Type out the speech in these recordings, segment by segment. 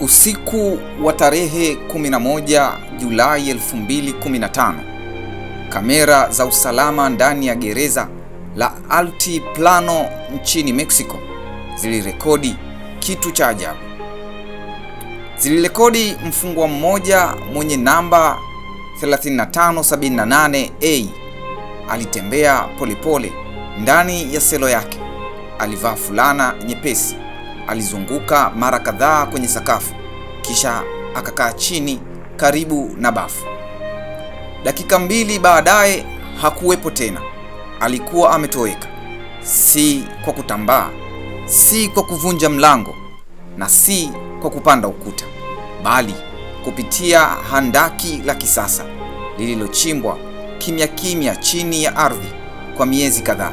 Usiku wa tarehe 11 Julai 2015, kamera za usalama ndani ya gereza la Altiplano nchini Mexico zilirekodi kitu cha ajabu. Zilirekodi mfungwa mmoja mwenye namba 3578A alitembea polepole ndani ya selo yake. Alivaa fulana nyepesi, alizunguka mara kadhaa kwenye sakafu kisha akakaa chini karibu na bafu. Dakika mbili baadaye hakuwepo tena. Alikuwa ametoweka, si kwa kutambaa, si kwa kuvunja mlango, na si kwa kupanda ukuta, bali kupitia handaki la kisasa lililochimbwa kimya kimya chini ya ardhi kwa miezi kadhaa,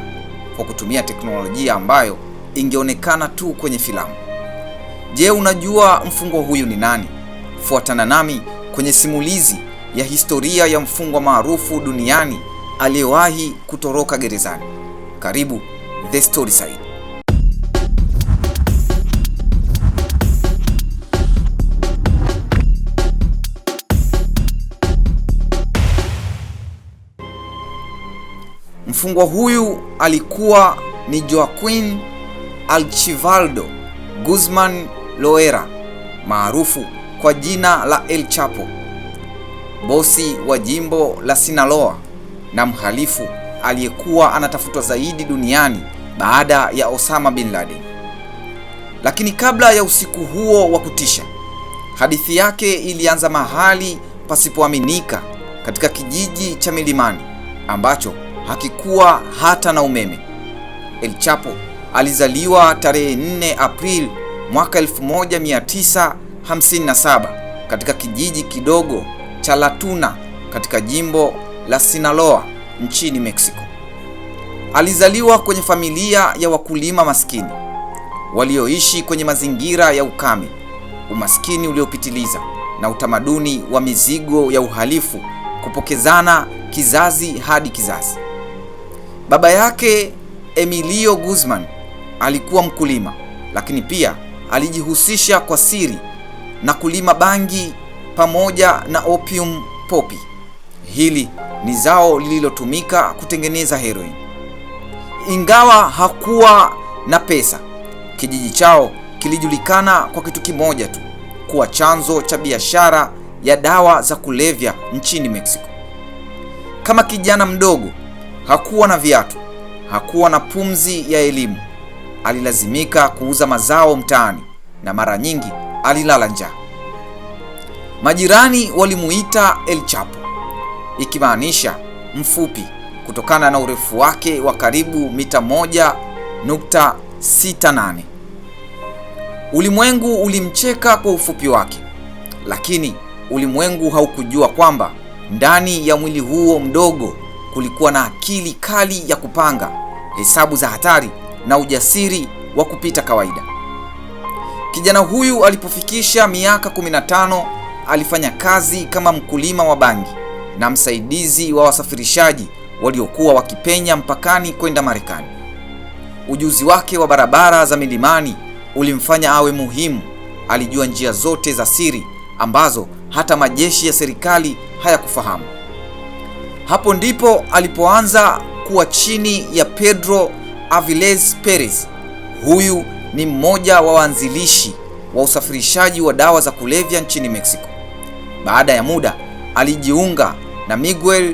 kwa kutumia teknolojia ambayo ingeonekana tu kwenye filamu. Je, unajua mfungwa huyu ni nani? Fuatana nami kwenye simulizi ya historia ya mfungwa maarufu duniani aliyewahi kutoroka gerezani. Karibu The Story Side. Mfungwa huyu alikuwa ni Joaquin Archivaldo Guzman Loera maarufu kwa jina la El Chapo, bosi wa jimbo la Sinaloa na mhalifu aliyekuwa anatafutwa zaidi duniani baada ya Osama bin Laden. Lakini kabla ya usiku huo wa kutisha, hadithi yake ilianza mahali pasipoaminika katika kijiji cha milimani ambacho hakikuwa hata na umeme. El Chapo alizaliwa tarehe 4 Aprili mwaka 1957 katika kijiji kidogo cha Latuna katika jimbo la Sinaloa nchini Mexico. Alizaliwa kwenye familia ya wakulima maskini walioishi kwenye mazingira ya ukame, umaskini uliopitiliza na utamaduni wa mizigo ya uhalifu kupokezana kizazi hadi kizazi. Baba yake Emilio Guzman alikuwa mkulima, lakini pia alijihusisha kwa siri na kulima bangi pamoja na opium popi. Hili ni zao lililotumika kutengeneza heroin. Ingawa hakuwa na pesa, kijiji chao kilijulikana kwa kitu kimoja tu, kuwa chanzo cha biashara ya dawa za kulevya nchini Mexico. Kama kijana mdogo, hakuwa na viatu, hakuwa na pumzi ya elimu alilazimika kuuza mazao mtaani na mara nyingi alilala njaa. Majirani walimuita El Chapo, ikimaanisha mfupi, kutokana na urefu wake wa karibu mita 1.68. Ulimwengu ulimcheka kwa ufupi wake, lakini ulimwengu haukujua kwamba ndani ya mwili huo mdogo kulikuwa na akili kali ya kupanga, hesabu za hatari na ujasiri wa kupita kawaida. Kijana huyu alipofikisha miaka 15 alifanya kazi kama mkulima wa bangi na msaidizi wa wasafirishaji waliokuwa wakipenya mpakani kwenda Marekani. Ujuzi wake wa barabara za milimani ulimfanya awe muhimu. Alijua njia zote za siri ambazo hata majeshi ya serikali hayakufahamu. Hapo ndipo alipoanza kuwa chini ya Pedro Aviles Perez. Huyu ni mmoja wa waanzilishi wa usafirishaji wa dawa za kulevya nchini Mexico. Baada ya muda alijiunga na Miguel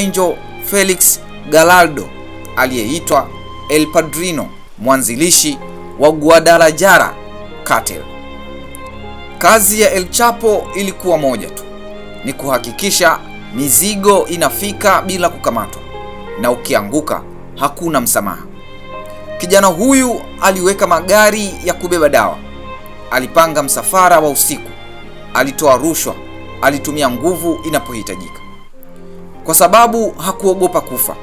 Angel Felix Gallardo aliyeitwa El Padrino, mwanzilishi wa Guadalajara cartel. Kazi ya El Chapo ilikuwa moja tu, ni kuhakikisha mizigo inafika bila kukamatwa, na ukianguka hakuna msamaha. Kijana huyu aliweka magari ya kubeba dawa, alipanga msafara wa usiku, alitoa rushwa, alitumia nguvu inapohitajika. Kwa sababu hakuogopa kufa,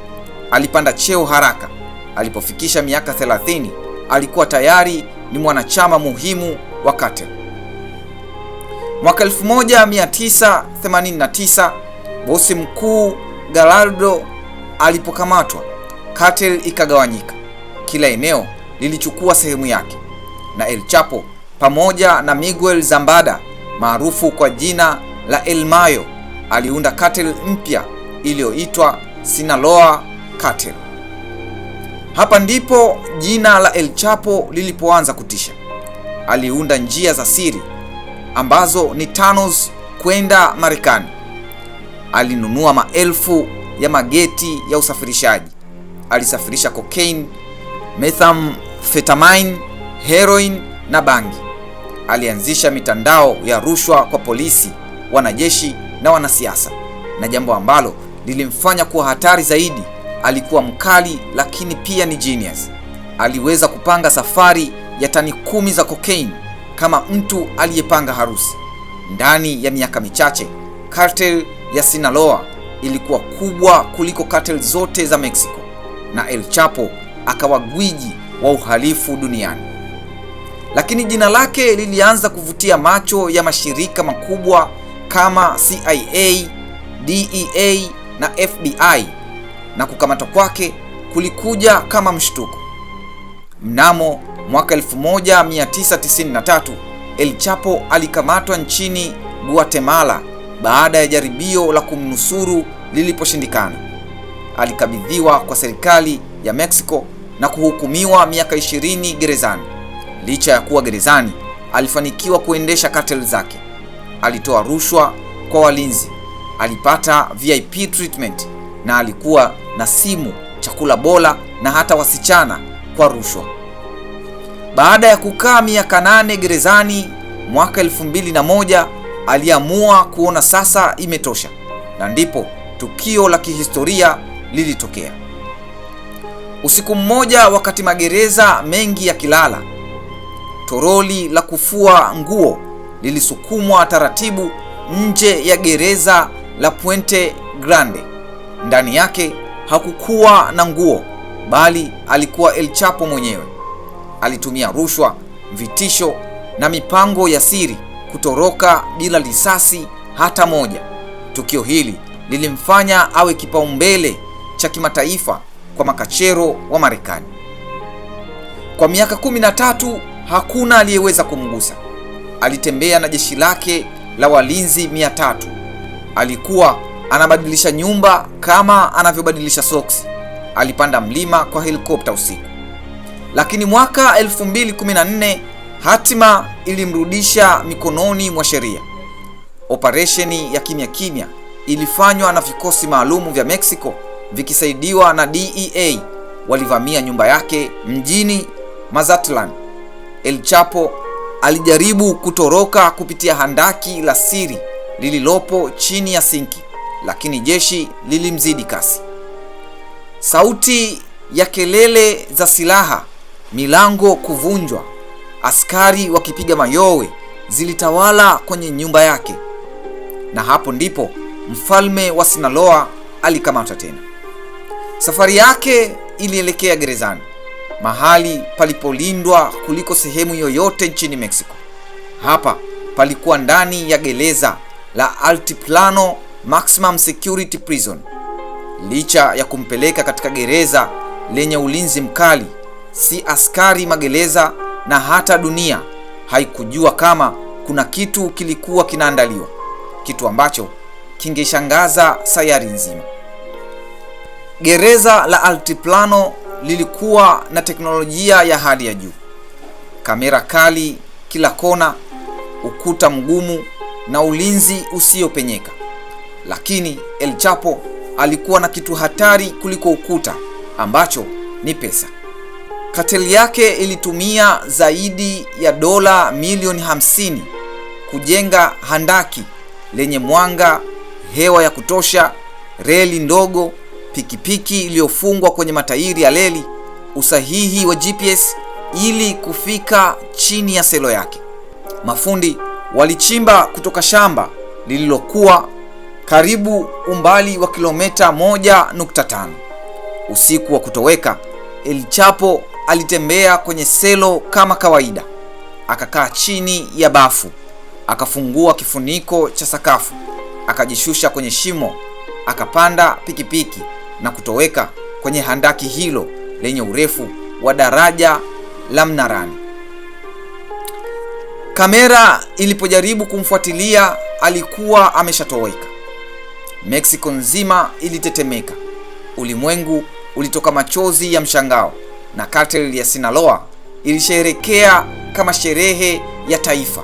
alipanda cheo haraka. Alipofikisha miaka 30 alikuwa tayari ni mwanachama muhimu wa KATEL. Mwaka 1989 bosi mkuu Gallardo alipokamatwa, KATEL ikagawanyika kila eneo lilichukua sehemu yake na El Chapo pamoja na Miguel Zambada maarufu kwa jina la El Mayo aliunda cartel mpya iliyoitwa Sinaloa cartel. Hapa ndipo jina la El Chapo lilipoanza kutisha. Aliunda njia za siri ambazo ni tunnels kwenda Marekani. Alinunua maelfu ya mageti ya usafirishaji. Alisafirisha cocaine methamphetamine, heroin na bangi. Alianzisha mitandao ya rushwa kwa polisi, wanajeshi na wanasiasa, na jambo ambalo lilimfanya kuwa hatari zaidi. Alikuwa mkali lakini pia ni genius. Aliweza kupanga safari ya tani kumi za cocaine kama mtu aliyepanga harusi. Ndani ya miaka michache, cartel ya Sinaloa ilikuwa kubwa kuliko cartel zote za Mexico, na El Chapo akawa gwiji wa uhalifu duniani. Lakini jina lake lilianza kuvutia macho ya mashirika makubwa kama CIA, DEA na FBI na kukamatwa kwake kulikuja kama mshtuko. Mnamo mwaka 1993 El Chapo alikamatwa nchini Guatemala baada ya jaribio la kumnusuru liliposhindikana. Alikabidhiwa kwa serikali ya Mexico na kuhukumiwa miaka 20 gerezani. Licha ya kuwa gerezani, alifanikiwa kuendesha cartel zake. Alitoa rushwa kwa walinzi, alipata VIP treatment na alikuwa na simu, chakula bora na hata wasichana kwa rushwa. Baada ya kukaa miaka nane gerezani, mwaka elfu mbili na moja aliamua kuona sasa imetosha, na ndipo tukio la kihistoria lilitokea. Usiku mmoja, wakati magereza mengi yakilala, toroli la kufua nguo lilisukumwa taratibu nje ya gereza la Puente Grande. Ndani yake hakukuwa na nguo, bali alikuwa El Chapo mwenyewe. Alitumia rushwa, vitisho na mipango ya siri kutoroka bila risasi hata moja. Tukio hili lilimfanya awe kipaumbele cha kimataifa kwa makachero wa Marekani. Kwa miaka kumi na tatu hakuna aliyeweza kumgusa. Alitembea na jeshi lake la walinzi mia tatu. Alikuwa anabadilisha nyumba kama anavyobadilisha soksi. Alipanda mlima kwa helikopta usiku. Lakini mwaka 2014 hatima ilimrudisha mikononi mwa sheria. Operesheni ya kimya kimya ilifanywa na vikosi maalumu vya Mexico vikisaidiwa na DEA walivamia nyumba yake mjini Mazatlan. El Chapo alijaribu kutoroka kupitia handaki la siri lililopo chini ya sinki, lakini jeshi lilimzidi kasi. Sauti ya kelele za silaha, milango kuvunjwa, askari wakipiga mayowe zilitawala kwenye nyumba yake, na hapo ndipo mfalme wa Sinaloa alikamatwa tena. Safari yake ilielekea gerezani, mahali palipolindwa kuliko sehemu yoyote nchini Mexico. Hapa palikuwa ndani ya gereza la Altiplano Maximum Security Prison. Licha ya kumpeleka katika gereza lenye ulinzi mkali, si askari magereza na hata dunia haikujua kama kuna kitu kilikuwa kinaandaliwa, kitu ambacho kingeshangaza sayari nzima. Gereza la Altiplano lilikuwa na teknolojia ya hali ya juu, kamera kali kila kona, ukuta mgumu na ulinzi usiopenyeka. Lakini El Chapo alikuwa na kitu hatari kuliko ukuta, ambacho ni pesa. Kateli yake ilitumia zaidi ya dola milioni hamsini kujenga handaki lenye mwanga, hewa ya kutosha, reli ndogo pikipiki iliyofungwa kwenye matairi ya leli, usahihi wa GPS ili kufika chini ya selo yake. Mafundi walichimba kutoka shamba lililokuwa karibu umbali wa kilomita 1.5. Usiku wa kutoweka, El Chapo alitembea kwenye selo kama kawaida. Akakaa chini ya bafu, akafungua kifuniko cha sakafu, akajishusha kwenye shimo, akapanda pikipiki piki na kutoweka kwenye handaki hilo lenye urefu wa daraja la Mnarani. Kamera ilipojaribu kumfuatilia alikuwa ameshatoweka. Mexico nzima ilitetemeka, ulimwengu ulitoka machozi ya mshangao, na cartel ya Sinaloa ilisherekea kama sherehe ya taifa.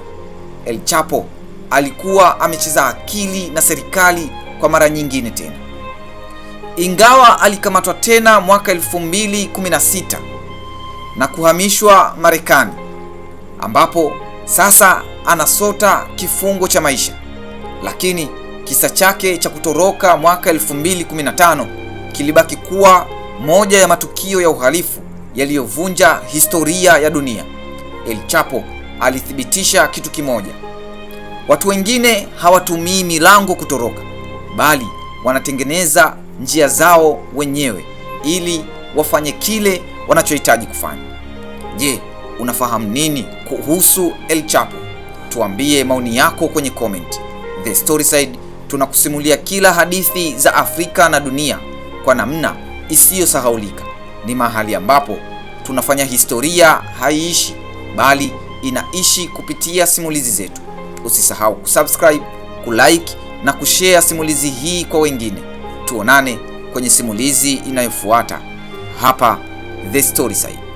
El Chapo alikuwa amecheza akili na serikali kwa mara nyingine tena ingawa alikamatwa tena mwaka 2016 na kuhamishwa Marekani ambapo sasa anasota kifungo cha maisha, lakini kisa chake cha kutoroka mwaka 2015 kilibaki kuwa moja ya matukio ya uhalifu yaliyovunja historia ya dunia. El Chapo alithibitisha kitu kimoja: watu wengine hawatumii milango kutoroka, bali wanatengeneza njia zao wenyewe ili wafanye kile wanachohitaji kufanya. Je, unafahamu nini kuhusu El Chapo? Tuambie maoni yako kwenye comment. The Storyside tunakusimulia kila hadithi za Afrika na dunia kwa namna isiyosahaulika. Ni mahali ambapo tunafanya historia haiishi bali inaishi kupitia simulizi zetu. Usisahau kusubscribe, kulike na kushare simulizi hii kwa wengine tuonane kwenye simulizi inayofuata hapa The Storyside.